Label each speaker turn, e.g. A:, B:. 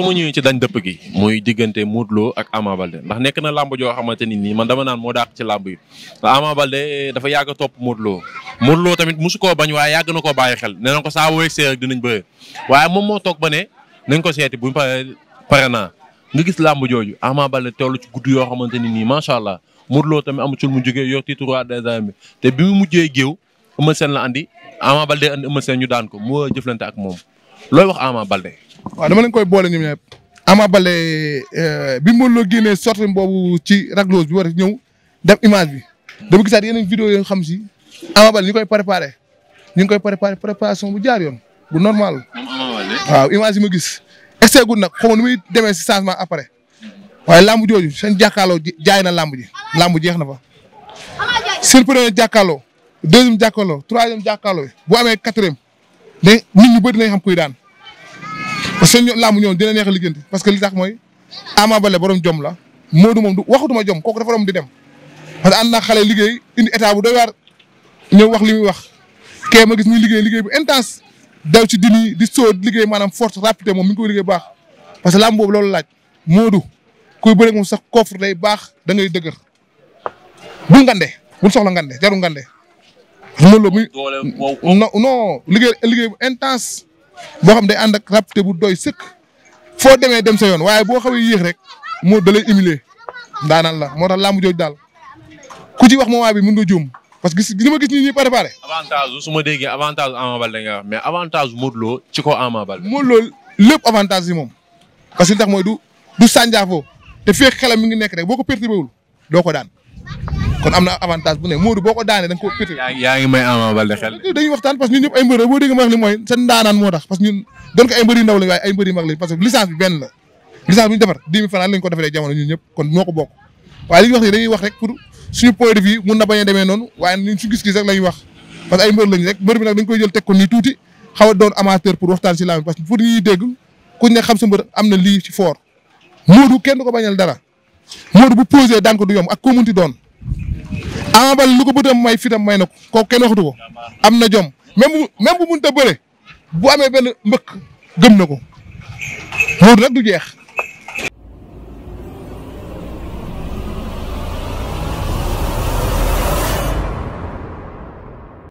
A: mu ñëwee ci dañ dëpp gi muy diggante Modou Lo ak Ama Balde ndax nekk na làmb joo xamante ni nii man dama naan moo dàq ci làmb yi Ama Balde dafa yàgg a topp Modou Lo tamit mosu koo bañ waaye yàgg na koo bàyyi xel nee na ko saa woo yegsee rek dinañ bëre moom moo toog ba ne nañ ko seeti bu pare pare naa nga gis làmb jooju amaa Balde teewlu ci gudd yoo xamante ni nii macha allah Modou Lo tamit amu ci mu jógee yoo titre roi des arènes bi te bi mu mujjee géew Eumeu Sène la andi Ama Balde andi Eumeu ñu daan ko mu jëflante ak moom looy wax Ama Balde
B: waaw dama leen koy boole ñoom ñëpp Ama bale euh, bi mu Lo génnee sorti boobu ci ragloos bi war a ñëw def image bi dama gisaat yeneen vidéo yoo xam si Ama Baldé ñu koy préparé ñu ngi koy préparé préparation bu jaar yoon bu normal. waaw image yi ma gis. excès gu nag xaw ma nu muy demee si changement après waaye làmb jooju seen jàkkaarloo jaay na làmb ji làmb jeex na fa. seen premier jàkkaarloo deuxième jàkkaarloo troisième jàkkaarloo bu amee quatrième dañ nit ñu bëri nañ xam kuy daan. parce que seen làmb ñoom dina neex a liggéeyanti parce que li tax mooy Ama Baldé borom jom la Modou moom du di dem. parce que ànd naa xale liggéey indi état bu doy waar wax li muy wax kee ma gis muy liggéey liggéey bu intense daw ci dini di sóod liggéey maanaam force rapidité moom mi ngi liggéey baax parce que làmb boobu loolu laaj Modou kuy bëre moom sax coffre day baax da ngay dëgër bul ngande bul soxla ngande jarul ngande. loolu muy liggéey bu intense. boo xam day ànd ak rapte bu doy sëkk foo demee dem sa yoon waaye boo xawee yéex rek moo da lay humilier la moo tax làmb jooju daal ku ci wax moment bi mën nga juum parce que li ma gis nii ñuy préparé.
A: avantage su ma déggee avantage Ama Baldé nga mais avantage Modou loo ci ko Ama Baldé.
B: Modou Lo lépp avantage si moom parce que li tax mooy du du sànjaafoo te fee xelam mi ngi nekk rek boo ko perturbé wul doo ko daan. kon am na avantage bu ne Modou boo ko daanee da nga ko
A: pété. yaa ngi may Ama Baldé xel.
B: dañuy waxtaan parce que wax li mooy seen ndaanaan moo tax parce que ko ay mbër yu ndaw ko defaree jamono ñun ñëpp kon ñoo ko bokk waaye li ñuy wax nii dañuy wax rek pour suñu point de vue mun na bañ a demee noonu waaye ñun suñu gis rek lañuy wax parce ay mbër lañ rek mbër bi koy jël teg ko nii tuuti xaw a doon amateur pour waxtaan si laamin parce pour ñuy dégg ku ne xam sa mbër am na lii ci fort Modou kenn Modou bu posé daan du yomb ak ko munti doon Ama Baldé lu ko bëtam may fitam may na ko kooku kenn waxatu ko am na jom même bu même bu munta bëre bu amee benn mbëkk gëm na ko Modou nag du jeex.